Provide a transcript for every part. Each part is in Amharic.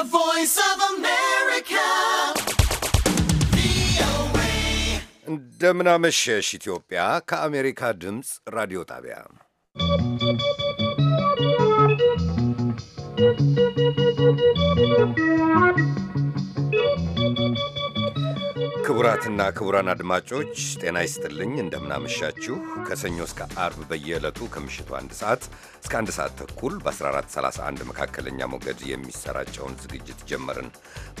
The voice of America. እንደምናመሸሽ ኢትዮጵያ ከአሜሪካ ድምፅ ራዲዮ ጣቢያ ¶¶ ክቡራትና ክቡራን አድማጮች ጤና ይስጥልኝ፣ እንደምናመሻችሁ። ከሰኞ እስከ አርብ በየዕለቱ ከምሽቱ አንድ ሰዓት እስከ አንድ ሰዓት ተኩል በ1431 መካከለኛ ሞገድ የሚሰራጨውን ዝግጅት ጀመርን።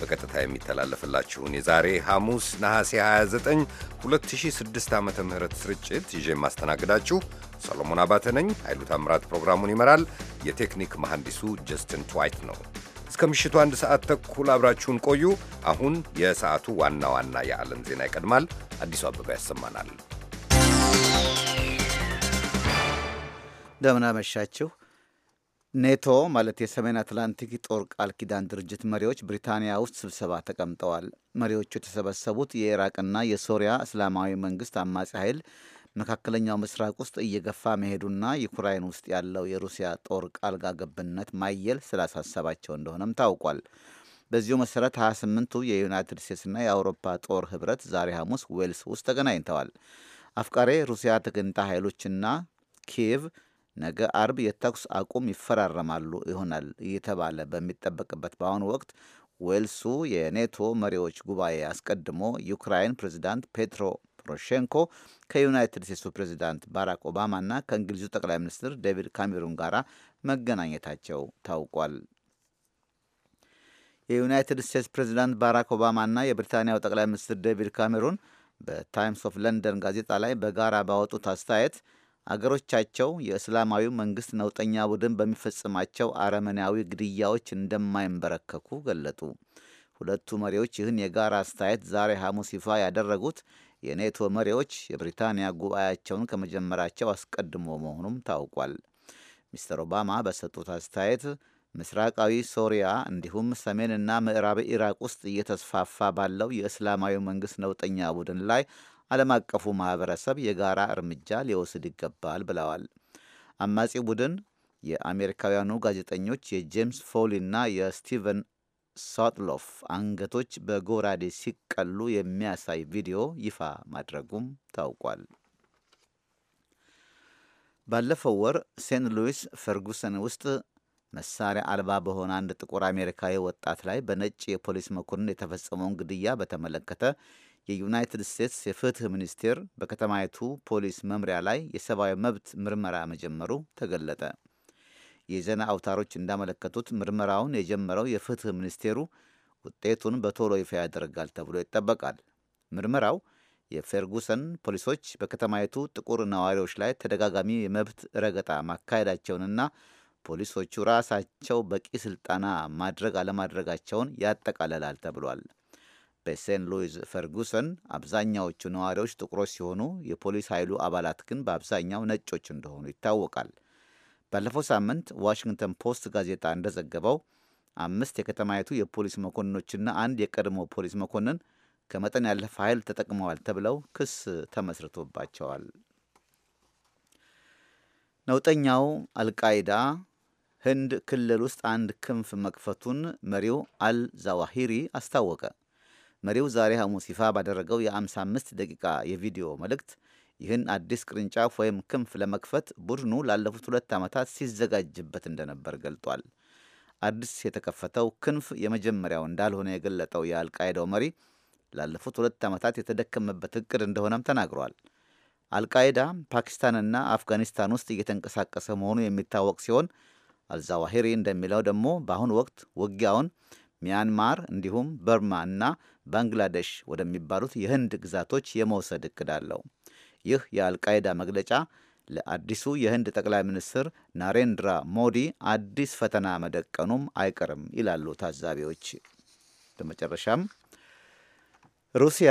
በቀጥታ የሚተላለፍላችሁን የዛሬ ሐሙስ ነሐሴ 29 2006 ዓ ም ስርጭት ይዤ የማስተናግዳችሁ ሰሎሞን አባተ ነኝ። ኃይሉ ታምራት ፕሮግራሙን ይመራል። የቴክኒክ መሐንዲሱ ጀስትን ትዋይት ነው። እስከ ምሽቱ አንድ ሰዓት ተኩል አብራችሁን ቆዩ። አሁን የሰዓቱ ዋና ዋና የዓለም ዜና ይቀድማል። አዲሱ አበባ ያሰማናል። እንደምን ኔቶ ማለት የሰሜን አትላንቲክ ጦር ቃል ኪዳን ድርጅት መሪዎች ብሪታንያ ውስጥ ስብሰባ ተቀምጠዋል። መሪዎቹ የተሰበሰቡት የኢራቅና የሶሪያ እስላማዊ መንግስት አማጺ ኃይል መካከለኛው ምስራቅ ውስጥ እየገፋ መሄዱና ዩክራይን ውስጥ ያለው የሩሲያ ጦር ጣልቃ ገብነት ማየል ስላሳሰባቸው እንደሆነም ታውቋል። በዚሁ መሰረት 28ቱ የዩናይትድ ስቴትስና የአውሮፓ ጦር ህብረት ዛሬ ሐሙስ ዌልስ ውስጥ ተገናኝተዋል። አፍቃሬ ሩሲያ ተገንጣ ኃይሎችና ኪየቭ ነገ አርብ የተኩስ አቁም ይፈራረማሉ ይሆናል እየተባለ በሚጠበቅበት በአሁኑ ወቅት ዌልሱ የኔቶ መሪዎች ጉባኤ አስቀድሞ ዩክራይን ፕሬዚዳንት ፔትሮ ፖሮሼንኮ ከዩናይትድ ስቴትሱ ፕሬዚዳንት ባራክ ኦባማና ከእንግሊዙ ጠቅላይ ሚኒስትር ዴቪድ ካሜሩን ጋር መገናኘታቸው ታውቋል። የዩናይትድ ስቴትስ ፕሬዚዳንት ባራክ ኦባማና የብሪታንያው ጠቅላይ ሚኒስትር ዴቪድ ካሜሩን በታይምስ ኦፍ ለንደን ጋዜጣ ላይ በጋራ ባወጡት አስተያየት አገሮቻቸው የእስላማዊ መንግስት ነውጠኛ ቡድን በሚፈጽማቸው አረመኔያዊ ግድያዎች እንደማይንበረከኩ ገለጡ። ሁለቱ መሪዎች ይህን የጋራ አስተያየት ዛሬ ሐሙስ ይፋ ያደረጉት የኔቶ መሪዎች የብሪታንያ ጉባኤያቸውን ከመጀመራቸው አስቀድሞ መሆኑም ታውቋል። ሚስተር ኦባማ በሰጡት አስተያየት ምስራቃዊ ሶሪያ እንዲሁም ሰሜንና ምዕራብ ኢራቅ ውስጥ እየተስፋፋ ባለው የእስላማዊ መንግስት ነውጠኛ ቡድን ላይ ዓለም አቀፉ ማህበረሰብ የጋራ እርምጃ ሊወስድ ይገባል ብለዋል። አማጺ ቡድን የአሜሪካውያኑ ጋዜጠኞች የጄምስ ፎሊ እና የስቲቨን ሳትሎፍ አንገቶች በጎራዴ ሲቀሉ የሚያሳይ ቪዲዮ ይፋ ማድረጉም ታውቋል። ባለፈው ወር ሴንት ሉዊስ ፈርጉሰን ውስጥ መሳሪያ አልባ በሆነ አንድ ጥቁር አሜሪካዊ ወጣት ላይ በነጭ የፖሊስ መኮንን የተፈጸመውን ግድያ በተመለከተ የዩናይትድ ስቴትስ የፍትህ ሚኒስቴር በከተማይቱ ፖሊስ መምሪያ ላይ የሰብአዊ መብት ምርመራ መጀመሩ ተገለጠ። የዜና አውታሮች እንዳመለከቱት ምርመራውን የጀመረው የፍትህ ሚኒስቴሩ ውጤቱን በቶሎ ይፋ ያደርጋል ተብሎ ይጠበቃል። ምርመራው የፌርጉሰን ፖሊሶች በከተማይቱ ጥቁር ነዋሪዎች ላይ ተደጋጋሚ የመብት ረገጣ ማካሄዳቸውንና ፖሊሶቹ ራሳቸው በቂ ስልጠና ማድረግ አለማድረጋቸውን ያጠቃልላል ተብሏል። በሴንት ሉዊስ ፈርጉሰን አብዛኛዎቹ ነዋሪዎች ጥቁሮች ሲሆኑ የፖሊስ ኃይሉ አባላት ግን በአብዛኛው ነጮች እንደሆኑ ይታወቃል። ባለፈው ሳምንት ዋሽንግተን ፖስት ጋዜጣ እንደዘገበው አምስት የከተማይቱ የፖሊስ መኮንኖችና አንድ የቀድሞ ፖሊስ መኮንን ከመጠን ያለፈ ኃይል ተጠቅመዋል ተብለው ክስ ተመስርቶባቸዋል። ነውጠኛው አልቃይዳ ህንድ ክልል ውስጥ አንድ ክንፍ መክፈቱን መሪው አልዛዋሂሪ አስታወቀ። መሪው ዛሬ ሐሙስ ይፋ ባደረገው የ55 ደቂቃ የቪዲዮ መልእክት ይህን አዲስ ቅርንጫፍ ወይም ክንፍ ለመክፈት ቡድኑ ላለፉት ሁለት ዓመታት ሲዘጋጅበት እንደነበር ገልጧል። አዲስ የተከፈተው ክንፍ የመጀመሪያው እንዳልሆነ የገለጠው የአልቃይዳው መሪ ላለፉት ሁለት ዓመታት የተደከመበት እቅድ እንደሆነም ተናግሯል። አልቃይዳ ፓኪስታንና አፍጋኒስታን ውስጥ እየተንቀሳቀሰ መሆኑ የሚታወቅ ሲሆን አልዛዋሂሪ እንደሚለው ደግሞ በአሁኑ ወቅት ውጊያውን ሚያንማር እንዲሁም በርማ እና ባንግላዴሽ ወደሚባሉት የህንድ ግዛቶች የመውሰድ እቅድ አለው። ይህ የአልቃይዳ መግለጫ ለአዲሱ የህንድ ጠቅላይ ሚኒስትር ናሬንድራ ሞዲ አዲስ ፈተና መደቀኑም አይቀርም ይላሉ ታዛቢዎች። በመጨረሻም ሩሲያ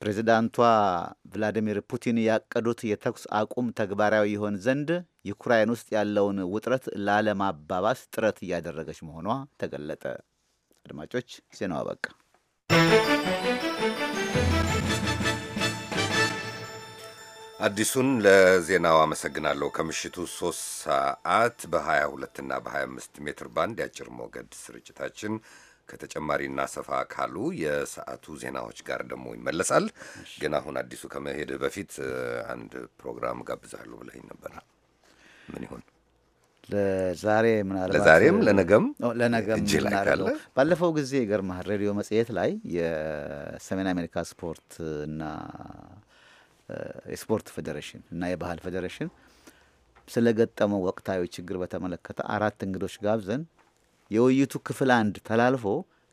ፕሬዚዳንቷ ቭላዲሚር ፑቲን ያቀዱት የተኩስ አቁም ተግባራዊ ይሆን ዘንድ ዩክራይን ውስጥ ያለውን ውጥረት ላለማባባስ ጥረት እያደረገች መሆኗ ተገለጠ። አድማጮች ዜናው አበቃ። አዲሱን ለዜናው አመሰግናለሁ። ከምሽቱ 3 ሰዓት በ22 እና በ25 ሜትር ባንድ የአጭር ሞገድ ስርጭታችን ከተጨማሪና ሰፋ ካሉ የሰዓቱ ዜናዎች ጋር ደግሞ ይመለሳል። ግን አሁን አዲሱ ከመሄድህ በፊት አንድ ፕሮግራም ጋብዛለሁ ብለኸኝ ነበረ። ምን ይሆን? ለዛሬ ምናልባት ለዛሬም ለነገም ለነገም ባለፈው ጊዜ ገርማ ሬዲዮ መጽሔት ላይ የሰሜን አሜሪካ ስፖርት እና የስፖርት ፌዴሬሽን እና የባህል ፌዴሬሽን ስለገጠመው ወቅታዊ ችግር በተመለከተ አራት እንግዶች ጋብዘን የውይይቱ ክፍል አንድ ተላልፎ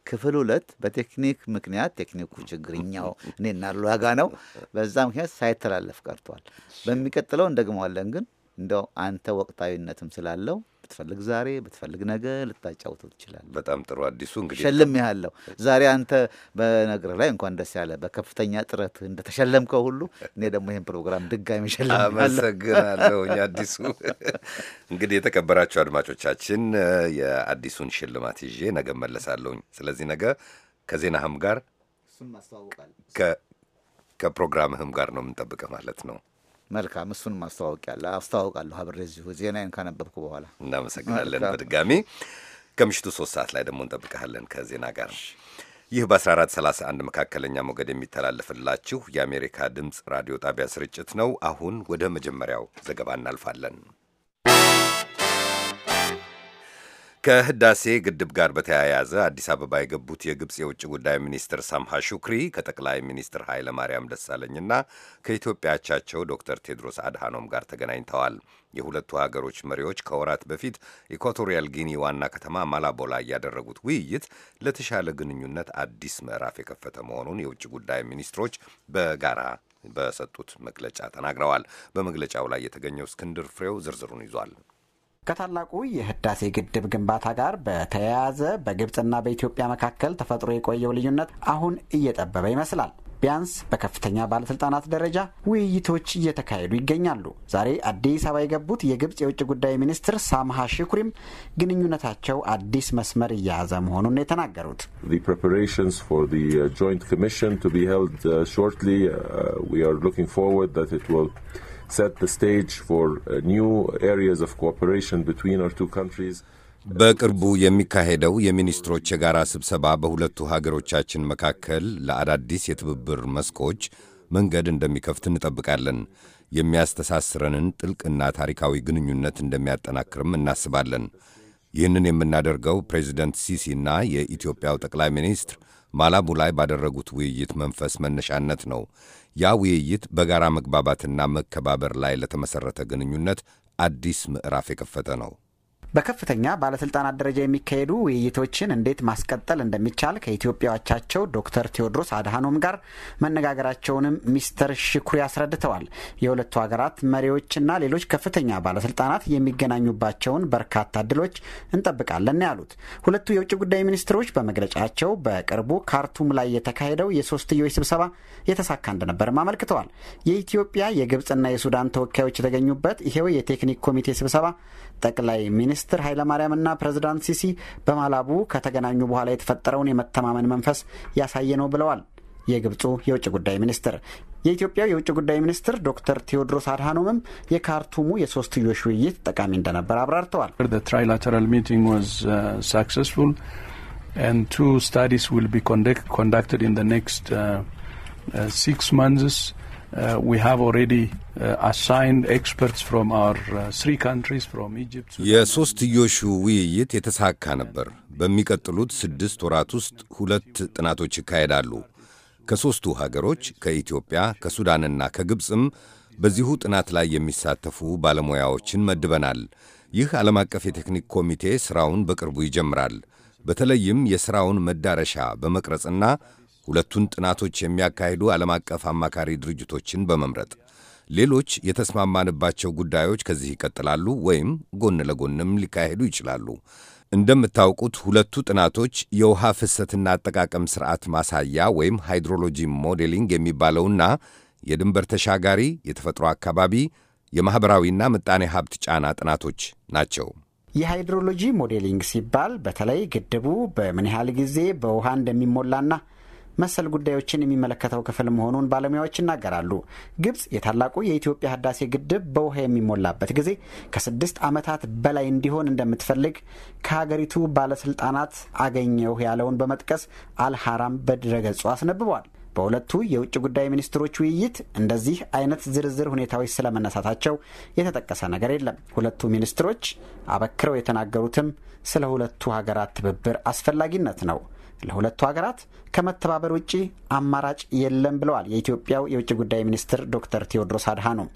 ክፍል ሁለት በቴክኒክ ምክንያት ቴክኒኩ ችግርኛው እኔ እናሉ ዋጋ ነው። በዛ ምክንያት ሳይተላለፍ ቀርቷል። በሚቀጥለው እንደግመዋለን ግን እንደው አንተ ወቅታዊነትም ስላለው ብትፈልግ ዛሬ ብትፈልግ ነገ ልታጫውተው ትችላለህ። በጣም ጥሩ። አዲሱ እንግዲህ ሸልም ያለው ዛሬ አንተ በነገር ላይ እንኳን ደስ ያለ በከፍተኛ ጥረት እንደተሸለምከው ሁሉ እኔ ደግሞ ይህን ፕሮግራም ድጋሚ ሸለም። አመሰግናለሁ አዲሱ። እንግዲህ የተከበራችሁ አድማጮቻችን የአዲሱን ሽልማት ይዤ ነገ መለሳለሁኝ። ስለዚህ ነገ ከዜናህም ጋር ከፕሮግራምህም ጋር ነው የምንጠብቀ ማለት ነው። መልካም እሱን ማስተዋወቅ ያለ አስተዋውቃለሁ። አብሬ እዚሁ ዜናዬን ካነበብኩ በኋላ እናመሰግናለን። በድጋሚ ከምሽቱ ሶስት ሰዓት ላይ ደግሞ እንጠብቀሃለን ከዜና ጋር። ይህ በ1431 መካከለኛ ሞገድ የሚተላለፍላችሁ የአሜሪካ ድምፅ ራዲዮ ጣቢያ ስርጭት ነው። አሁን ወደ መጀመሪያው ዘገባ እናልፋለን። ከህዳሴ ግድብ ጋር በተያያዘ አዲስ አበባ የገቡት የግብፅ የውጭ ጉዳይ ሚኒስትር ሳምሃ ሹክሪ ከጠቅላይ ሚኒስትር ኃይለ ማርያም ደሳለኝና ከኢትዮጵያ አቻቸው ዶክተር ቴድሮስ አድሃኖም ጋር ተገናኝተዋል። የሁለቱ ሀገሮች መሪዎች ከወራት በፊት ኢኳቶሪያል ጊኒ ዋና ከተማ ማላቦ ላይ ያደረጉት ውይይት ለተሻለ ግንኙነት አዲስ ምዕራፍ የከፈተ መሆኑን የውጭ ጉዳይ ሚኒስትሮች በጋራ በሰጡት መግለጫ ተናግረዋል። በመግለጫው ላይ የተገኘው እስክንድር ፍሬው ዝርዝሩን ይዟል። ከታላቁ የህዳሴ ግድብ ግንባታ ጋር በተያያዘ በግብፅና በኢትዮጵያ መካከል ተፈጥሮ የቆየው ልዩነት አሁን እየጠበበ ይመስላል። ቢያንስ በከፍተኛ ባለስልጣናት ደረጃ ውይይቶች እየተካሄዱ ይገኛሉ። ዛሬ አዲስ አበባ የገቡት የግብፅ የውጭ ጉዳይ ሚኒስትር ሳምሃ ሽኩሪም ግንኙነታቸው አዲስ መስመር እየያዘ መሆኑን የተናገሩት set the stage for uh, new areas of cooperation between our two countries. በቅርቡ የሚካሄደው የሚኒስትሮች የጋራ ስብሰባ በሁለቱ ሀገሮቻችን መካከል ለአዳዲስ የትብብር መስኮች መንገድ እንደሚከፍት እንጠብቃለን። የሚያስተሳስረንን ጥልቅና ታሪካዊ ግንኙነት እንደሚያጠናክርም እናስባለን። ይህንን የምናደርገው ፕሬዚደንት ሲሲ እና የኢትዮጵያው ጠቅላይ ሚኒስትር ማላቡ ላይ ባደረጉት ውይይት መንፈስ መነሻነት ነው። ያ ውይይት በጋራ መግባባትና መከባበር ላይ ለተመሠረተ ግንኙነት አዲስ ምዕራፍ የከፈተ ነው። በከፍተኛ ባለስልጣናት ደረጃ የሚካሄዱ ውይይቶችን እንዴት ማስቀጠል እንደሚቻል ከኢትዮጵያ አቻቸው ዶክተር ቴዎድሮስ አድሃኖም ጋር መነጋገራቸውንም ሚስተር ሽኩሪ አስረድተዋል። የሁለቱ ሀገራት መሪዎችና ሌሎች ከፍተኛ ባለስልጣናት የሚገናኙባቸውን በርካታ እድሎች እንጠብቃለን ያሉት ሁለቱ የውጭ ጉዳይ ሚኒስትሮች በመግለጫቸው በቅርቡ ካርቱም ላይ የተካሄደው የሶስትዮሽ ስብሰባ የተሳካ እንደነበርም አመልክተዋል። የኢትዮጵያ የግብፅና የሱዳን ተወካዮች የተገኙበት ይሄው የቴክኒክ ኮሚቴ ስብሰባ ጠቅላይ ሚኒስትር ኃይለማርያምና ፕሬዝዳንት ሲሲ በማላቡ ከተገናኙ በኋላ የተፈጠረውን የመተማመን መንፈስ ያሳየ ነው ብለዋል የግብፁ የውጭ ጉዳይ ሚኒስትር። የኢትዮጵያው የውጭ ጉዳይ ሚኒስትር ዶክተር ቴዎድሮስ አድሃኖምም የካርቱሙ የሶስትዮሽ ውይይት ጠቃሚ እንደነበር አብራርተዋል። ትራይላተራል ሚቲንግ ዋዝ ሳክሰስፉል and Uh, uh, uh, የሦስትዮሹ ውይይት የተሳካ ነበር። በሚቀጥሉት ስድስት ወራት ውስጥ ሁለት ጥናቶች ይካሄዳሉ። ከሦስቱ ሀገሮች ከኢትዮጵያ፣ ከሱዳንና ከግብፅም በዚሁ ጥናት ላይ የሚሳተፉ ባለሙያዎችን መድበናል። ይህ ዓለም አቀፍ የቴክኒክ ኮሚቴ ሥራውን በቅርቡ ይጀምራል። በተለይም የሥራውን መዳረሻ በመቅረጽና ሁለቱን ጥናቶች የሚያካሂዱ ዓለም አቀፍ አማካሪ ድርጅቶችን በመምረጥ ሌሎች የተስማማንባቸው ጉዳዮች ከዚህ ይቀጥላሉ ወይም ጎን ለጎንም ሊካሄዱ ይችላሉ። እንደምታውቁት ሁለቱ ጥናቶች የውሃ ፍሰትና አጠቃቀም ስርዓት ማሳያ ወይም ሃይድሮሎጂ ሞዴሊንግ የሚባለውና የድንበር ተሻጋሪ የተፈጥሮ አካባቢ የማኅበራዊና ምጣኔ ሀብት ጫና ጥናቶች ናቸው። የሃይድሮሎጂ ሞዴሊንግ ሲባል በተለይ ግድቡ በምን ያህል ጊዜ በውሃ እንደሚሞላና መሰል ጉዳዮችን የሚመለከተው ክፍል መሆኑን ባለሙያዎች ይናገራሉ። ግብጽ የታላቁ የኢትዮጵያ ህዳሴ ግድብ በውሃ የሚሞላበት ጊዜ ከስድስት ዓመታት በላይ እንዲሆን እንደምትፈልግ ከሀገሪቱ ባለስልጣናት አገኘሁ ያለውን በመጥቀስ አልሐራም በድረገጹ አስነብቧል። በሁለቱ የውጭ ጉዳይ ሚኒስትሮች ውይይት እንደዚህ አይነት ዝርዝር ሁኔታዎች ስለመነሳታቸው የተጠቀሰ ነገር የለም። ሁለቱ ሚኒስትሮች አበክረው የተናገሩትም ስለ ሁለቱ ሀገራት ትብብር አስፈላጊነት ነው። ለሁለቱ ሀገራት ከመተባበር ውጪ አማራጭ የለም ብለዋል የኢትዮጵያው የውጭ ጉዳይ ሚኒስትር ዶክተር ቴዎድሮስ አድሃኖም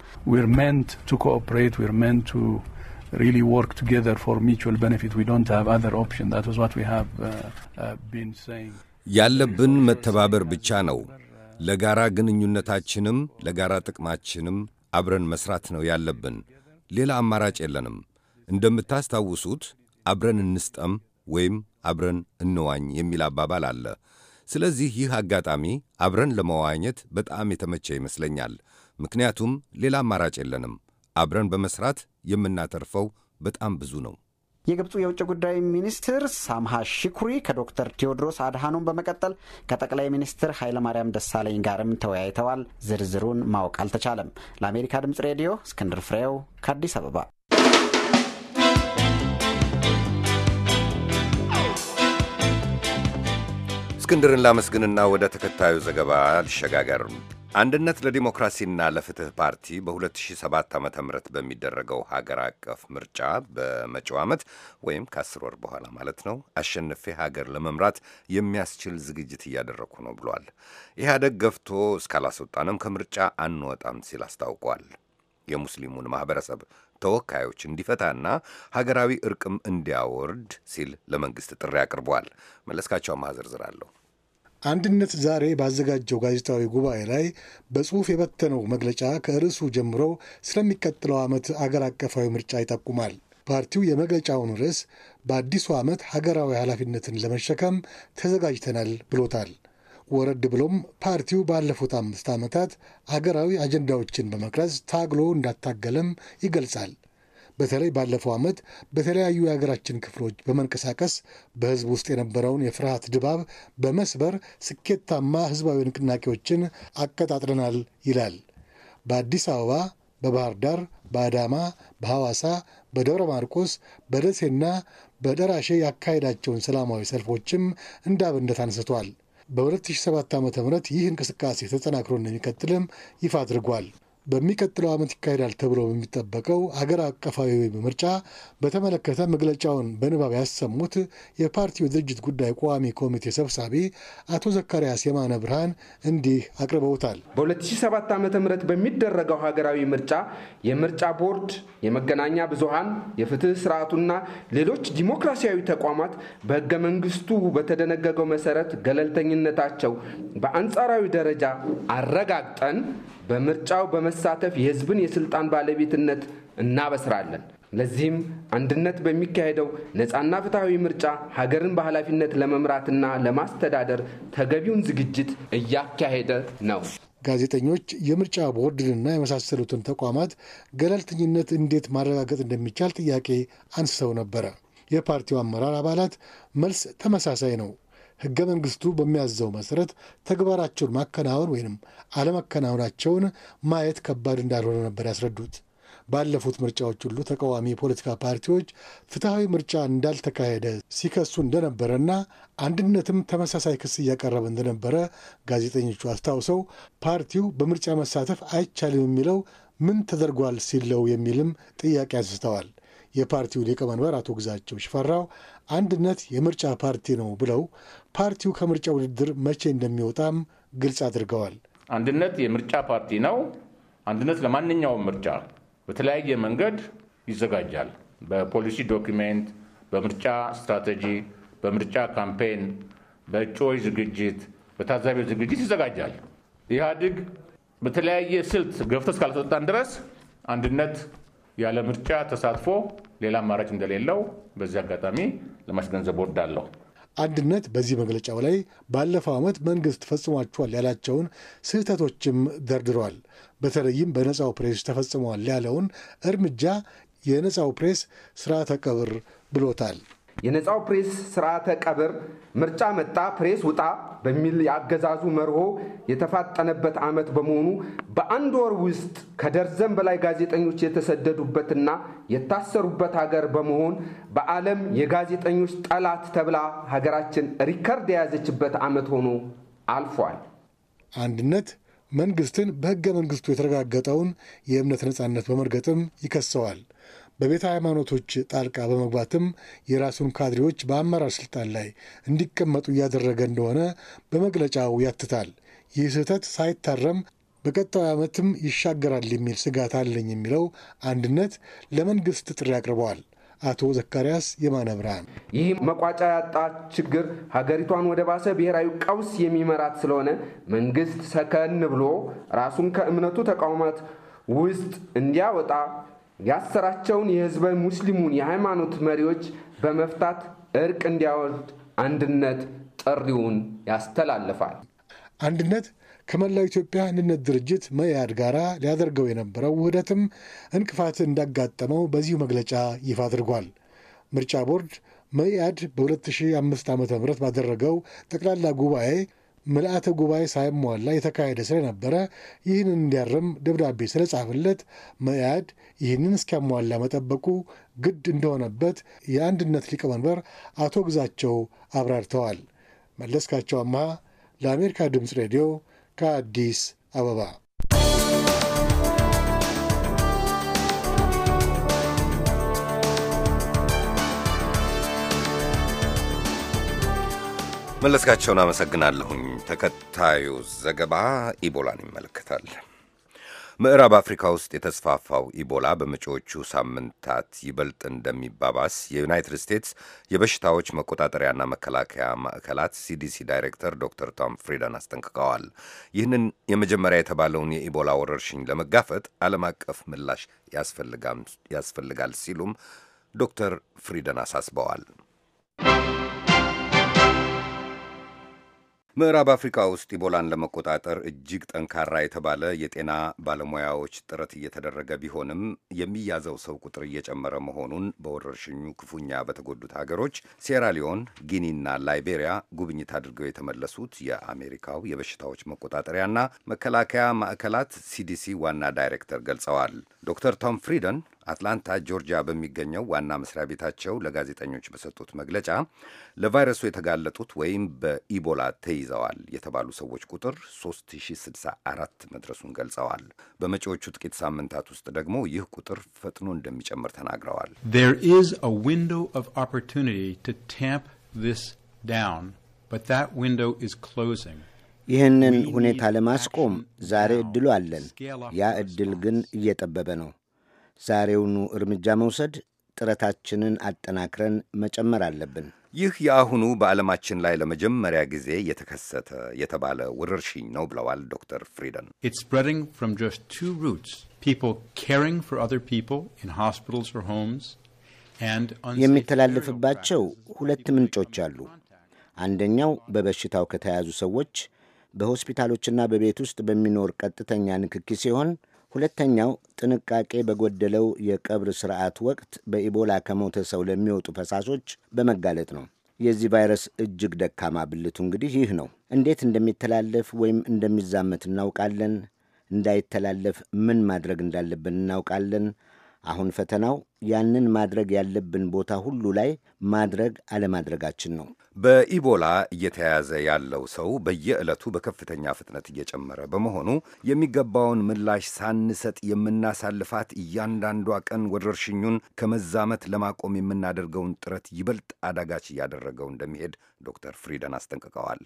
ያለብን መተባበር ብቻ ነው። ለጋራ ግንኙነታችንም ለጋራ ጥቅማችንም አብረን መስራት ነው ያለብን። ሌላ አማራጭ የለንም። እንደምታስታውሱት አብረን እንስጠም ወይም አብረን እንዋኝ የሚል አባባል አለ። ስለዚህ ይህ አጋጣሚ አብረን ለመዋኘት በጣም የተመቸ ይመስለኛል። ምክንያቱም ሌላ አማራጭ የለንም። አብረን በመስራት የምናተርፈው በጣም ብዙ ነው። የግብፁ የውጭ ጉዳይ ሚኒስትር ሳምሃ ሺኩሪ ከዶክተር ቴዎድሮስ አድሃኖም በመቀጠል ከጠቅላይ ሚኒስትር ኃይለማርያም ደሳለኝ ጋርም ተወያይተዋል። ዝርዝሩን ማወቅ አልተቻለም። ለአሜሪካ ድምፅ ሬዲዮ እስክንድር ፍሬው ከአዲስ አበባ እስክንድርን ላመስግንና ወደ ተከታዩ ዘገባ ልሸጋገር። አንድነት ለዲሞክራሲና ለፍትህ ፓርቲ በ2007 ዓ ም በሚደረገው ሀገር አቀፍ ምርጫ በመጪው ዓመት ወይም ከአስር ወር በኋላ ማለት ነው አሸንፌ ሀገር ለመምራት የሚያስችል ዝግጅት እያደረግኩ ነው ብሏል። ኢህአደግ ገፍቶ እስካላስወጣንም ከምርጫ አንወጣም ሲል አስታውቋል። የሙስሊሙን ማኅበረሰብ ተወካዮች እንዲፈታና ሀገራዊ እርቅም እንዲያወርድ ሲል ለመንግሥት ጥሪ አቅርቧል። መለስካቸው ማዘርዝራለሁ አንድነት ዛሬ ባዘጋጀው ጋዜጣዊ ጉባኤ ላይ በጽሑፍ የበተነው መግለጫ ከርዕሱ ጀምሮ ስለሚቀጥለው ዓመት አገር አቀፋዊ ምርጫ ይጠቁማል። ፓርቲው የመግለጫውን ርዕስ በአዲሱ ዓመት ሀገራዊ ኃላፊነትን ለመሸከም ተዘጋጅተናል ብሎታል። ወረድ ብሎም ፓርቲው ባለፉት አምስት ዓመታት አገራዊ አጀንዳዎችን በመቅረጽ ታግሎ እንዳታገለም ይገልጻል። በተለይ ባለፈው ዓመት በተለያዩ የሀገራችን ክፍሎች በመንቀሳቀስ በህዝብ ውስጥ የነበረውን የፍርሃት ድባብ በመስበር ስኬታማ ህዝባዊ ንቅናቄዎችን አቀጣጥለናል ይላል። በአዲስ አበባ፣ በባህር ዳር፣ በአዳማ፣ በሐዋሳ፣ በደብረ ማርቆስ፣ በደሴና በደራሼ ያካሄዳቸውን ሰላማዊ ሰልፎችም እንዳብነት አብነት አንስቷል። በ2007 ዓ ም ይህ እንቅስቃሴ ተጠናክሮ እንደሚቀጥልም ይፋ አድርጓል። በሚቀጥለው ዓመት ይካሄዳል ተብሎ በሚጠበቀው አገር አቀፋዊ ምርጫ በተመለከተ መግለጫውን በንባብ ያሰሙት የፓርቲው ድርጅት ጉዳይ ቋሚ ኮሚቴ ሰብሳቢ አቶ ዘካርያስ የማነ ብርሃን እንዲህ አቅርበውታል። በ2007 ዓ ም በሚደረገው ሀገራዊ ምርጫ የምርጫ ቦርድ፣ የመገናኛ ብዙሃን፣ የፍትህ ስርዓቱና ሌሎች ዲሞክራሲያዊ ተቋማት በህገ መንግስቱ በተደነገገው መሰረት ገለልተኝነታቸው በአንጻራዊ ደረጃ አረጋግጠን በምርጫው በመሳተፍ የህዝብን የስልጣን ባለቤትነት እናበስራለን። ለዚህም አንድነት በሚካሄደው ነፃና ፍትሐዊ ምርጫ ሀገርን በኃላፊነት ለመምራትና ለማስተዳደር ተገቢውን ዝግጅት እያካሄደ ነው። ጋዜጠኞች የምርጫ ቦርድንና የመሳሰሉትን ተቋማት ገለልተኝነት እንዴት ማረጋገጥ እንደሚቻል ጥያቄ አንስተው ነበረ። የፓርቲው አመራር አባላት መልስ ተመሳሳይ ነው። ህገ መንግስቱ በሚያዘው መሰረት ተግባራቸውን ማከናወን ወይም አለማከናወናቸውን ማየት ከባድ እንዳልሆነ ነበር ያስረዱት። ባለፉት ምርጫዎች ሁሉ ተቃዋሚ የፖለቲካ ፓርቲዎች ፍትሐዊ ምርጫ እንዳልተካሄደ ሲከሱ እንደነበረና አንድነትም ተመሳሳይ ክስ እያቀረበ እንደነበረ ጋዜጠኞቹ አስታውሰው ፓርቲው በምርጫ መሳተፍ አይቻልም የሚለው ምን ተደርጓል ሲለው የሚልም ጥያቄ አንስተዋል። የፓርቲው ሊቀመንበር አቶ ግዛቸው ሽፈራው አንድነት የምርጫ ፓርቲ ነው ብለው ፓርቲው ከምርጫ ውድድር መቼ እንደሚወጣም ግልጽ አድርገዋል። አንድነት የምርጫ ፓርቲ ነው። አንድነት ለማንኛውም ምርጫ በተለያየ መንገድ ይዘጋጃል። በፖሊሲ ዶኪሜንት፣ በምርጫ ስትራቴጂ፣ በምርጫ ካምፔን፣ በእጩዎች ዝግጅት፣ በታዛቢ ዝግጅት ይዘጋጃል። ኢህአዲግ በተለያየ ስልት ገፍቶ እስካልተወጣን ድረስ አንድነት ያለ ምርጫ ተሳትፎ ሌላ አማራጭ እንደሌለው በዚህ አጋጣሚ ለማስገንዘብ ወዳለሁ። አንድነት በዚህ መግለጫው ላይ ባለፈው ዓመት መንግስት ፈጽሟቸዋል ያላቸውን ስህተቶችም ደርድሯል። በተለይም በነፃው ፕሬስ ተፈጽሟል ያለውን እርምጃ የነፃው ፕሬስ ስርዓተ ቀብር ብሎታል። የነፃው ፕሬስ ስርዓተ ቀብር ምርጫ መጣ ፕሬስ ውጣ በሚል የአገዛዙ መርሆ የተፋጠነበት ዓመት በመሆኑ በአንድ ወር ውስጥ ከደርዘን በላይ ጋዜጠኞች የተሰደዱበትና የታሰሩበት ሀገር በመሆን በዓለም የጋዜጠኞች ጠላት ተብላ ሀገራችን ሪከርድ የያዘችበት ዓመት ሆኖ አልፏል። አንድነት መንግስትን በሕገ መንግስቱ የተረጋገጠውን የእምነት ነጻነት በመርገጥም ይከሰዋል። በቤተ ሃይማኖቶች ጣልቃ በመግባትም የራሱን ካድሬዎች በአመራር ስልጣን ላይ እንዲቀመጡ እያደረገ እንደሆነ በመግለጫው ያትታል። ይህ ስህተት ሳይታረም በቀጣዩ ዓመትም ይሻገራል የሚል ስጋት አለኝ የሚለው አንድነት ለመንግስት ጥሪ አቅርበዋል። አቶ ዘካርያስ የማነ ብርሃን ይህ መቋጫ ያጣ ችግር ሀገሪቷን ወደ ባሰ ብሔራዊ ቀውስ የሚመራት ስለሆነ መንግስት ሰከን ብሎ ራሱን ከእምነቱ ተቋማት ውስጥ እንዲያወጣ ያሰራቸውን የህዝበ ሙስሊሙን የሃይማኖት መሪዎች በመፍታት እርቅ እንዲያወርድ አንድነት ጥሪውን ያስተላልፋል። አንድነት ከመላው ኢትዮጵያ አንድነት ድርጅት መኢአድ ጋር ሊያደርገው የነበረው ውህደትም እንቅፋት እንዳጋጠመው በዚሁ መግለጫ ይፋ አድርጓል። ምርጫ ቦርድ መኢአድ በ2005 ዓ ም ባደረገው ጠቅላላ ጉባኤ ምልአተ ጉባኤ ሳይሟላ የተካሄደ ስለነበረ ይህን እንዲያርም ደብዳቤ ስለጻፍለት መያድ ይህንን እስኪያሟላ መጠበቁ ግድ እንደሆነበት የአንድነት ሊቀመንበር አቶ ግዛቸው አብራርተዋል። መለስካቸው አማሃ ለአሜሪካ ድምፅ ሬዲዮ ከአዲስ አበባ መለስካቸውን አመሰግናለሁኝ። ተከታዩ ዘገባ ኢቦላን ይመለከታል። ምዕራብ አፍሪካ ውስጥ የተስፋፋው ኢቦላ በመጪዎቹ ሳምንታት ይበልጥ እንደሚባባስ የዩናይትድ ስቴትስ የበሽታዎች መቆጣጠሪያና መከላከያ ማዕከላት ሲዲሲ ዳይሬክተር ዶክተር ቶም ፍሪደን አስጠንቅቀዋል። ይህንን የመጀመሪያ የተባለውን የኢቦላ ወረርሽኝ ለመጋፈጥ ዓለም አቀፍ ምላሽ ያስፈልጋል ሲሉም ዶክተር ፍሪደን አሳስበዋል። ምዕራብ አፍሪካ ውስጥ ኢቦላን ለመቆጣጠር እጅግ ጠንካራ የተባለ የጤና ባለሙያዎች ጥረት እየተደረገ ቢሆንም የሚያዘው ሰው ቁጥር እየጨመረ መሆኑን በወረርሽኙ ክፉኛ በተጎዱት ሀገሮች ሴራሊዮን፣ ጊኒና ላይቤሪያ ጉብኝት አድርገው የተመለሱት የአሜሪካው የበሽታዎች መቆጣጠሪያና መከላከያ ማዕከላት ሲዲሲ ዋና ዳይሬክተር ገልጸዋል። ዶክተር ቶም ፍሪደን አትላንታ ጆርጂያ በሚገኘው ዋና መስሪያ ቤታቸው ለጋዜጠኞች በሰጡት መግለጫ ለቫይረሱ የተጋለጡት ወይም በኢቦላ ተይዘዋል የተባሉ ሰዎች ቁጥር 3064 መድረሱን ገልጸዋል። በመጪዎቹ ጥቂት ሳምንታት ውስጥ ደግሞ ይህ ቁጥር ፈጥኖ እንደሚጨምር ተናግረዋል። There is a window of opportunity to tamp this down, but that window is closing. ይህንን ሁኔታ ለማስቆም ዛሬ እድሉ አለን። ያ እድል ግን እየጠበበ ነው። ዛሬውኑ እርምጃ መውሰድ ጥረታችንን አጠናክረን መጨመር አለብን። ይህ የአሁኑ በዓለማችን ላይ ለመጀመሪያ ጊዜ የተከሰተ የተባለ ወረርሽኝ ነው ብለዋል ዶክተር ፍሪደን። የሚተላለፍባቸው ሁለት ምንጮች አሉ። አንደኛው በበሽታው ከተያዙ ሰዎች በሆስፒታሎችና በቤት ውስጥ በሚኖር ቀጥተኛ ንክኪ ሲሆን ሁለተኛው ጥንቃቄ በጎደለው የቀብር ስርዓት ወቅት በኢቦላ ከሞተ ሰው ለሚወጡ ፈሳሾች በመጋለጥ ነው። የዚህ ቫይረስ እጅግ ደካማ ብልቱ እንግዲህ ይህ ነው። እንዴት እንደሚተላለፍ ወይም እንደሚዛመት እናውቃለን። እንዳይተላለፍ ምን ማድረግ እንዳለብን እናውቃለን። አሁን ፈተናው ያንን ማድረግ ያለብን ቦታ ሁሉ ላይ ማድረግ አለማድረጋችን ነው። በኢቦላ እየተያዘ ያለው ሰው በየዕለቱ በከፍተኛ ፍጥነት እየጨመረ በመሆኑ የሚገባውን ምላሽ ሳንሰጥ የምናሳልፋት እያንዳንዷ ቀን ወረርሽኙን ከመዛመት ለማቆም የምናደርገውን ጥረት ይበልጥ አዳጋች እያደረገው እንደሚሄድ ዶክተር ፍሪደን አስጠንቅቀዋል።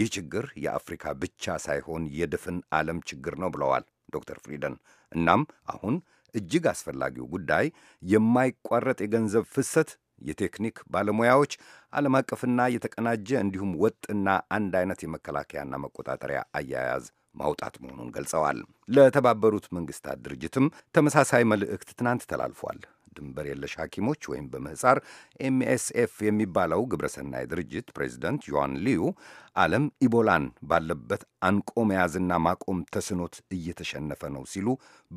ይህ ችግር የአፍሪካ ብቻ ሳይሆን የድፍን ዓለም ችግር ነው ብለዋል ዶክተር ፍሪደን። እናም አሁን እጅግ አስፈላጊው ጉዳይ የማይቋረጥ የገንዘብ ፍሰት የቴክኒክ ባለሙያዎች ዓለም አቀፍና የተቀናጀ እንዲሁም ወጥና አንድ አይነት የመከላከያና መቆጣጠሪያ አያያዝ ማውጣት መሆኑን ገልጸዋል። ለተባበሩት መንግስታት ድርጅትም ተመሳሳይ መልእክት ትናንት ተላልፏል። ድንበር የለሽ ሐኪሞች ወይም በምህፃር ኤምኤስኤፍ የሚባለው ግብረሰናይ ድርጅት ፕሬዚደንት ዮሐን ሊዩ ዓለም ኢቦላን ባለበት አንቆ መያዝና ማቆም ተስኖት እየተሸነፈ ነው ሲሉ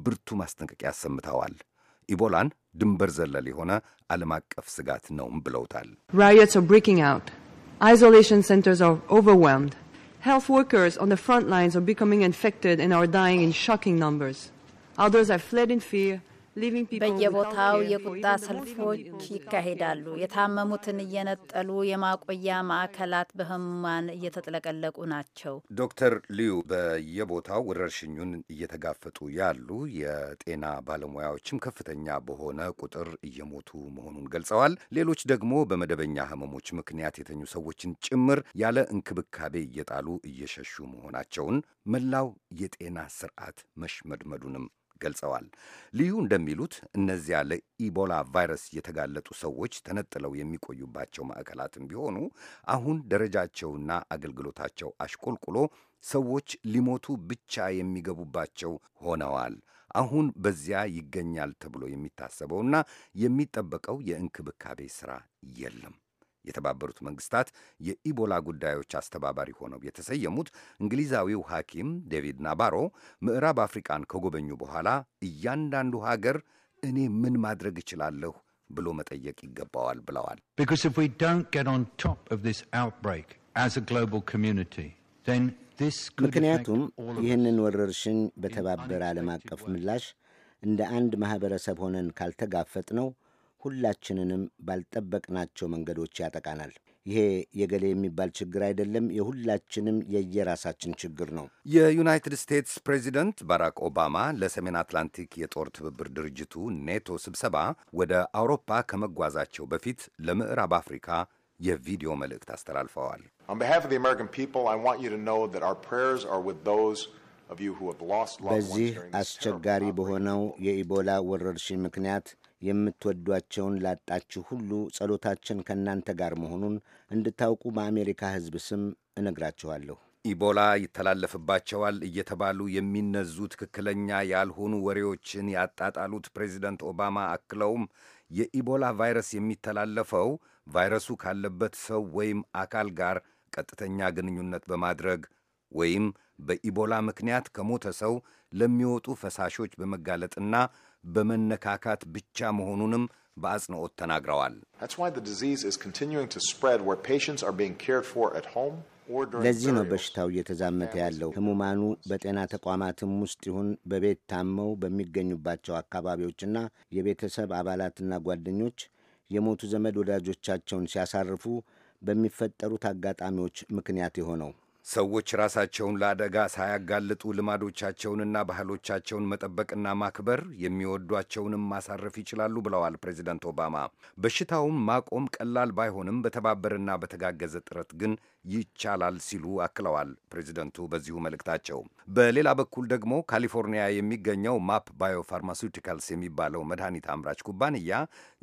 ብርቱ ማስጠንቀቂያ አሰምተዋል። ኢቦላን ድንበር ዘለል የሆነ ዓለም አቀፍ ስጋት ነውም ብለውታል። ራዮትስ አር ብሬኪንግ አውት አይዞሌሽን ሴንተርስ አር ኦቨርዌልምድ ሄልት ወርከርስ ኦን ዘ ፍሮንት ላይንስ አር ቢኮሚንግ ኢንፌክትድ ኤንድ አር ዳይንግ ኢን ሾኪንግ ነምበርስ ኦዘርስ ሃቭ ፍሌድ ኢን ፊር በየቦታው የቁጣ ሰልፎች ይካሄዳሉ። የታመሙትን እየነጠሉ የማቆያ ማዕከላት በህሙማን እየተጥለቀለቁ ናቸው። ዶክተር ልዩ በየቦታው ወረርሽኙን እየተጋፈጡ ያሉ የጤና ባለሙያዎችም ከፍተኛ በሆነ ቁጥር እየሞቱ መሆኑን ገልጸዋል። ሌሎች ደግሞ በመደበኛ ህመሞች ምክንያት የተኙ ሰዎችን ጭምር ያለ እንክብካቤ እየጣሉ እየሸሹ መሆናቸውን መላው የጤና ስርዓት መሽመድመዱንም ገልጸዋል። ልዩ እንደሚሉት እነዚያ ለኢቦላ ቫይረስ የተጋለጡ ሰዎች ተነጥለው የሚቆዩባቸው ማዕከላትም ቢሆኑ አሁን ደረጃቸውና አገልግሎታቸው አሽቆልቁሎ ሰዎች ሊሞቱ ብቻ የሚገቡባቸው ሆነዋል። አሁን በዚያ ይገኛል ተብሎ የሚታሰበውና የሚጠበቀው የእንክብካቤ ሥራ የለም። የተባበሩት መንግስታት የኢቦላ ጉዳዮች አስተባባሪ ሆነው የተሰየሙት እንግሊዛዊው ሐኪም ዴቪድ ናባሮ ምዕራብ አፍሪቃን ከጎበኙ በኋላ እያንዳንዱ ሀገር እኔ ምን ማድረግ እችላለሁ ብሎ መጠየቅ ይገባዋል ብለዋል። ምክንያቱም ይህንን ወረርሽኝ በተባበረ ዓለም አቀፍ ምላሽ እንደ አንድ ማኅበረሰብ ሆነን ካልተጋፈጥ ነው ሁላችንንም ባልጠበቅናቸው መንገዶች ያጠቃናል። ይሄ የገሌ የሚባል ችግር አይደለም፣ የሁላችንም የየራሳችን ችግር ነው። የዩናይትድ ስቴትስ ፕሬዚደንት ባራክ ኦባማ ለሰሜን አትላንቲክ የጦር ትብብር ድርጅቱ ኔቶ ስብሰባ ወደ አውሮፓ ከመጓዛቸው በፊት ለምዕራብ አፍሪካ የቪዲዮ መልእክት አስተላልፈዋል። በዚህ አስቸጋሪ በሆነው የኢቦላ ወረርሽኝ ምክንያት የምትወዷቸውን ላጣችሁ ሁሉ ጸሎታችን ከእናንተ ጋር መሆኑን እንድታውቁ በአሜሪካ ሕዝብ ስም እነግራችኋለሁ። ኢቦላ ይተላለፍባቸዋል እየተባሉ የሚነዙ ትክክለኛ ያልሆኑ ወሬዎችን ያጣጣሉት ፕሬዚደንት ኦባማ አክለውም የኢቦላ ቫይረስ የሚተላለፈው ቫይረሱ ካለበት ሰው ወይም አካል ጋር ቀጥተኛ ግንኙነት በማድረግ ወይም በኢቦላ ምክንያት ከሞተ ሰው ለሚወጡ ፈሳሾች በመጋለጥና በመነካካት ብቻ መሆኑንም በአጽንኦት ተናግረዋል። ለዚህ ነው በሽታው እየተዛመተ ያለው። ህሙማኑ በጤና ተቋማትም ውስጥ ይሁን በቤት ታመው በሚገኙባቸው አካባቢዎችና የቤተሰብ አባላትና ጓደኞች የሞቱ ዘመድ ወዳጆቻቸውን ሲያሳርፉ በሚፈጠሩት አጋጣሚዎች ምክንያት የሆነው ሰዎች ራሳቸውን ለአደጋ ሳያጋልጡ ልማዶቻቸውንና ባህሎቻቸውን መጠበቅና ማክበር የሚወዷቸውንም ማሳረፍ ይችላሉ ብለዋል ፕሬዚደንት ኦባማ። በሽታውም ማቆም ቀላል ባይሆንም በተባበረና በተጋገዘ ጥረት ግን ይቻላል ሲሉ አክለዋል ፕሬዚደንቱ በዚሁ መልእክታቸው። በሌላ በኩል ደግሞ ካሊፎርኒያ የሚገኘው ማፕ ባዮፋርማሲውቲካልስ የሚባለው መድኃኒት አምራች ኩባንያ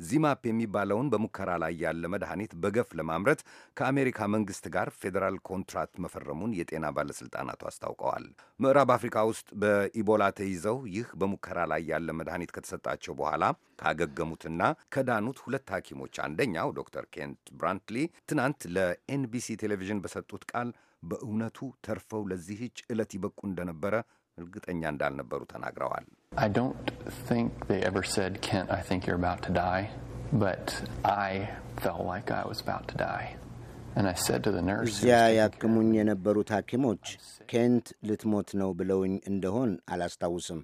ዚማፕ የሚባለውን በሙከራ ላይ ያለ መድኃኒት በገፍ ለማምረት ከአሜሪካ መንግስት ጋር ፌዴራል ኮንትራት መፈረ መፈራረሙን የጤና ባለሥልጣናቱ አስታውቀዋል። ምዕራብ አፍሪካ ውስጥ በኢቦላ ተይዘው ይህ በሙከራ ላይ ያለ መድኃኒት ከተሰጣቸው በኋላ ካገገሙትና ከዳኑት ሁለት ሐኪሞች አንደኛው ዶክተር ኬንት ብራንትሊ ትናንት ለኤንቢሲ ቴሌቪዥን በሰጡት ቃል በእውነቱ ተርፈው ለዚህች ዕለት ይበቁ እንደነበረ እርግጠኛ እንዳልነበሩ ተናግረዋል። እዚያ ያክሙኝ የነበሩት ሐኪሞች ኬንት ልትሞት ነው ብለውኝ እንደሆን አላስታውስም።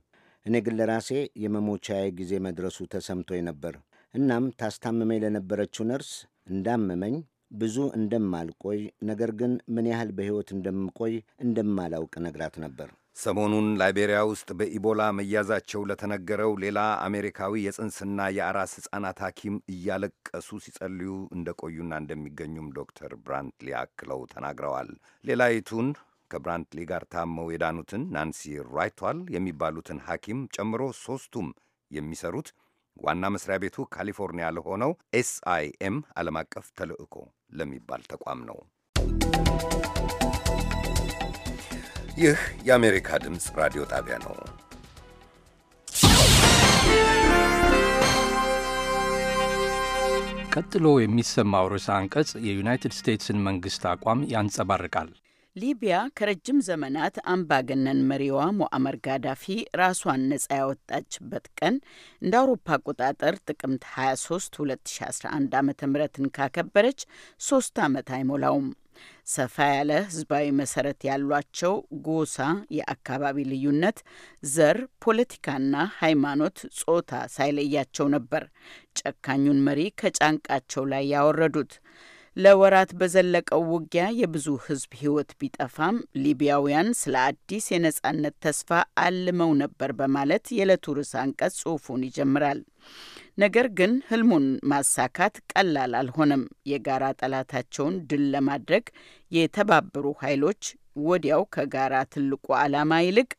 እኔ ግን ለራሴ የመሞቻዬ ጊዜ መድረሱ ተሰምቶኝ ነበር። እናም ታስታምመኝ ለነበረችው ነርስ እንዳመመኝ ብዙ እንደማልቆይ ነገር ግን ምን ያህል በሕይወት እንደምቆይ እንደማላውቅ ነግራት ነበር። ሰሞኑን ላይቤሪያ ውስጥ በኢቦላ መያዛቸው ለተነገረው ሌላ አሜሪካዊ የጽንስና የአራስ ሕፃናት ሐኪም እያለቀሱ ሲጸልዩ እንደቆዩና እንደሚገኙም ዶክተር ብራንትሊ አክለው ተናግረዋል። ሌላይቱን ከብራንትሊ ጋር ታመው የዳኑትን ናንሲ ራይቷል የሚባሉትን ሐኪም ጨምሮ ሦስቱም የሚሰሩት ዋና መስሪያ ቤቱ ካሊፎርኒያ ለሆነው ኤስአይኤም ዓለም አቀፍ ተልዕኮ ለሚባል ተቋም ነው። ይህ የአሜሪካ ድምፅ ራዲዮ ጣቢያ ነው። ቀጥሎ የሚሰማው ርዕሰ አንቀጽ የዩናይትድ ስቴትስን መንግሥት አቋም ያንጸባርቃል። ሊቢያ ከረጅም ዘመናት አምባገነን መሪዋ ሞአመር ጋዳፊ ራሷን ነጻ ያወጣችበት ቀን እንደ አውሮፓ አቆጣጠር ጥቅምት 23 2011 ዓ.ም ካከበረች ሶስት ዓመት አይሞላውም። ሰፋ ያለ ህዝባዊ መሰረት ያሏቸው ጎሳ፣ የአካባቢ ልዩነት፣ ዘር፣ ፖለቲካና ሃይማኖት፣ ጾታ ሳይለያቸው ነበር ጨካኙን መሪ ከጫንቃቸው ላይ ያወረዱት። ለወራት በዘለቀው ውጊያ የብዙ ሕዝብ ሕይወት ቢጠፋም ሊቢያውያን ስለ አዲስ የነጻነት ተስፋ አልመው ነበር በማለት የዕለቱ ርስ አንቀጽ ጽሑፉን ይጀምራል። ነገር ግን ህልሙን ማሳካት ቀላል አልሆነም። የጋራ ጠላታቸውን ድል ለማድረግ የተባበሩ ኃይሎች ወዲያው ከጋራ ትልቁ ዓላማ ይልቅ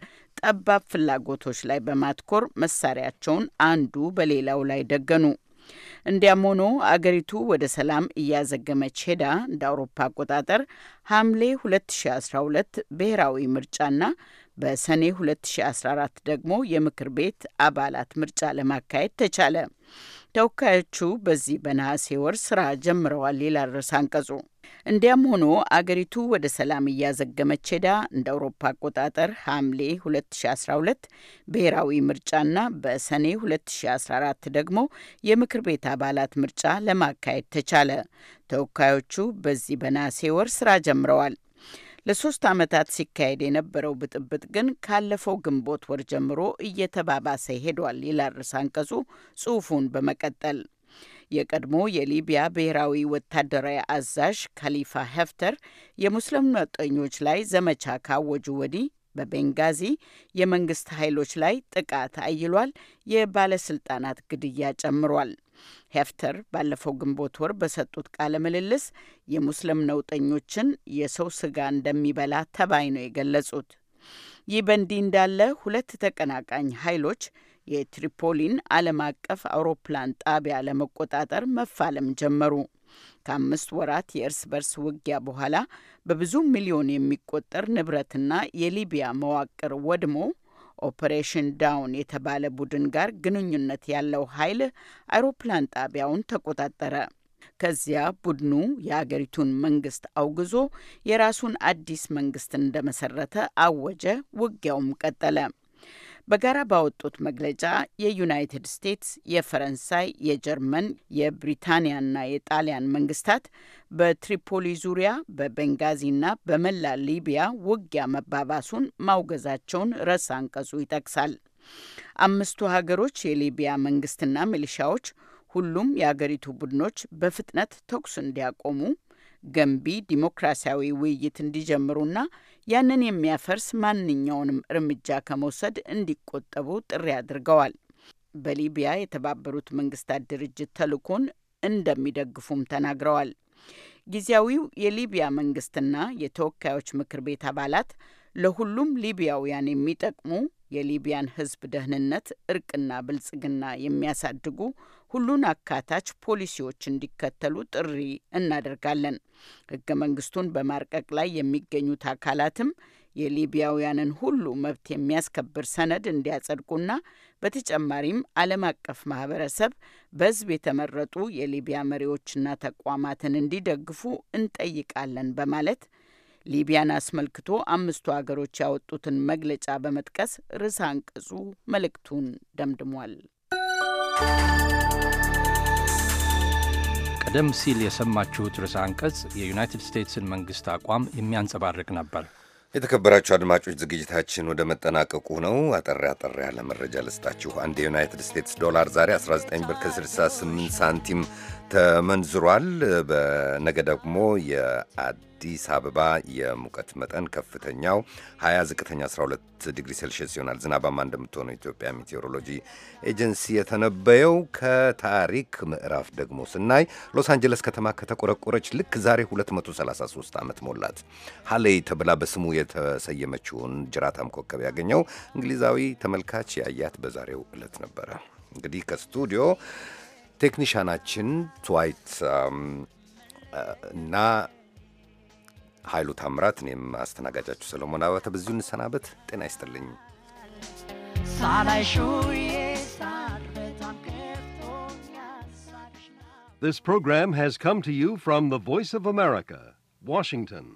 ጠባብ ፍላጎቶች ላይ በማትኮር መሳሪያቸውን አንዱ በሌላው ላይ ደገኑ። እንዲያም ሆኖ አገሪቱ ወደ ሰላም እያዘገመች ሄዳ እንደ አውሮፓ አቆጣጠር ሐምሌ 2012 ብሔራዊ ምርጫና በሰኔ 2014 ደግሞ የምክር ቤት አባላት ምርጫ ለማካሄድ ተቻለ። ተወካዮቹ በዚህ በነሐሴ ወር ስራ ጀምረዋል ይላል ርዕሰ አንቀጹ። እንዲያም ሆኖ አገሪቱ ወደ ሰላም እያዘገመች ሄዳ እንደ አውሮፓ አቆጣጠር ሐምሌ 2012 ብሔራዊ ምርጫና በሰኔ 2014 ደግሞ የምክር ቤት አባላት ምርጫ ለማካሄድ ተቻለ። ተወካዮቹ በዚህ በነሐሴ ወር ስራ ጀምረዋል። ለሶስት ዓመታት ሲካሄድ የነበረው ብጥብጥ ግን ካለፈው ግንቦት ወር ጀምሮ እየተባባሰ ሄዷል ይላል ርዕሰ አንቀጹ ጽሑፉን በመቀጠል። የቀድሞ የሊቢያ ብሔራዊ ወታደራዊ አዛዥ ካሊፋ ሄፍተር የሙስሊም ነውጠኞች ላይ ዘመቻ ካወጁ ወዲህ በቤንጋዚ የመንግስት ኃይሎች ላይ ጥቃት አይሏል፣ የባለስልጣናት ግድያ ጨምሯል። ሄፍተር ባለፈው ግንቦት ወር በሰጡት ቃለ ምልልስ የሙስሊም ነውጠኞችን የሰው ስጋ እንደሚበላ ተባይ ነው የገለጹት። ይህ በእንዲህ እንዳለ ሁለት ተቀናቃኝ ኃይሎች የትሪፖሊን ዓለም አቀፍ አውሮፕላን ጣቢያ ለመቆጣጠር መፋለም ጀመሩ። ከአምስት ወራት የእርስ በርስ ውጊያ በኋላ በብዙ ሚሊዮን የሚቆጠር ንብረትና የሊቢያ መዋቅር ወድሞ ኦፐሬሽን ዳውን የተባለ ቡድን ጋር ግንኙነት ያለው ኃይል አይሮፕላን ጣቢያውን ተቆጣጠረ። ከዚያ ቡድኑ የአገሪቱን መንግስት አውግዞ የራሱን አዲስ መንግስት እንደመሰረተ አወጀ። ውጊያውም ቀጠለ። በጋራ ባወጡት መግለጫ የዩናይትድ ስቴትስ፣ የፈረንሳይ፣ የጀርመን፣ የብሪታንያና የጣሊያን መንግስታት በትሪፖሊ ዙሪያ በቤንጋዚና በመላ ሊቢያ ውጊያ መባባሱን ማውገዛቸውን ርዕሰ አንቀጹ ይጠቅሳል። አምስቱ ሀገሮች የሊቢያ መንግስትና ሚሊሻዎች ሁሉም የአገሪቱ ቡድኖች በፍጥነት ተኩስ እንዲያቆሙ ገንቢ ዲሞክራሲያዊ ውይይት እንዲጀምሩና ያንን የሚያፈርስ ማንኛውንም እርምጃ ከመውሰድ እንዲቆጠቡ ጥሪ አድርገዋል። በሊቢያ የተባበሩት መንግስታት ድርጅት ተልኮን እንደሚደግፉም ተናግረዋል። ጊዜያዊው የሊቢያ መንግስትና የተወካዮች ምክር ቤት አባላት ለሁሉም ሊቢያውያን የሚጠቅሙ የሊቢያን ሕዝብ ደህንነት፣ እርቅና ብልጽግና የሚያሳድጉ ሁሉን አካታች ፖሊሲዎች እንዲከተሉ ጥሪ እናደርጋለን። ህገ መንግስቱን በማርቀቅ ላይ የሚገኙት አካላትም የሊቢያውያንን ሁሉ መብት የሚያስከብር ሰነድ እንዲያጸድቁና በተጨማሪም ዓለም አቀፍ ማህበረሰብ በህዝብ የተመረጡ የሊቢያ መሪዎችና ተቋማትን እንዲደግፉ እንጠይቃለን በማለት ሊቢያን አስመልክቶ አምስቱ ሀገሮች ያወጡትን መግለጫ በመጥቀስ ርዕሰ አንቀጹ መልእክቱን ደምድሟል። ቀደም ሲል የሰማችሁት ርዕሰ አንቀጽ የዩናይትድ ስቴትስን መንግሥት አቋም የሚያንጸባርቅ ነበር። የተከበራችሁ አድማጮች ዝግጅታችን ወደ መጠናቀቁ ነው። አጠር አጠር ያለ መረጃ ልስጣችሁ። አንድ የዩናይትድ ስቴትስ ዶላር ዛሬ 19 ብር ከ68 ሳንቲም ተመንዝሯል። በነገ ደግሞ የአዲስ አበባ የሙቀት መጠን ከፍተኛው 20፣ ዝቅተኛ 12 ዲግሪ ሴልሽስ ይሆናል። ዝናባማ እንደምትሆነው ኢትዮጵያ ሜቴዎሮሎጂ ኤጀንሲ የተነበየው። ከታሪክ ምዕራፍ ደግሞ ስናይ ሎስ አንጀለስ ከተማ ከተቆረቆረች ልክ ዛሬ 233 ዓመት ሞላት። ሀሌይ ተብላ በስሙ የተሰየመችውን ጅራታም ኮከብ ያገኘው እንግሊዛዊ ተመልካች ያያት በዛሬው ዕለት ነበረ። እንግዲህ ከስቱዲዮ ትዋይት እና ኃይሉ ታምራት፣ እኔም አስተናጋጃችሁ ሰለሞን አባተ በዚሁ እንሰናበት። ጤና ይስጥልኝ። This program has come to you from the Voice of America, Washington.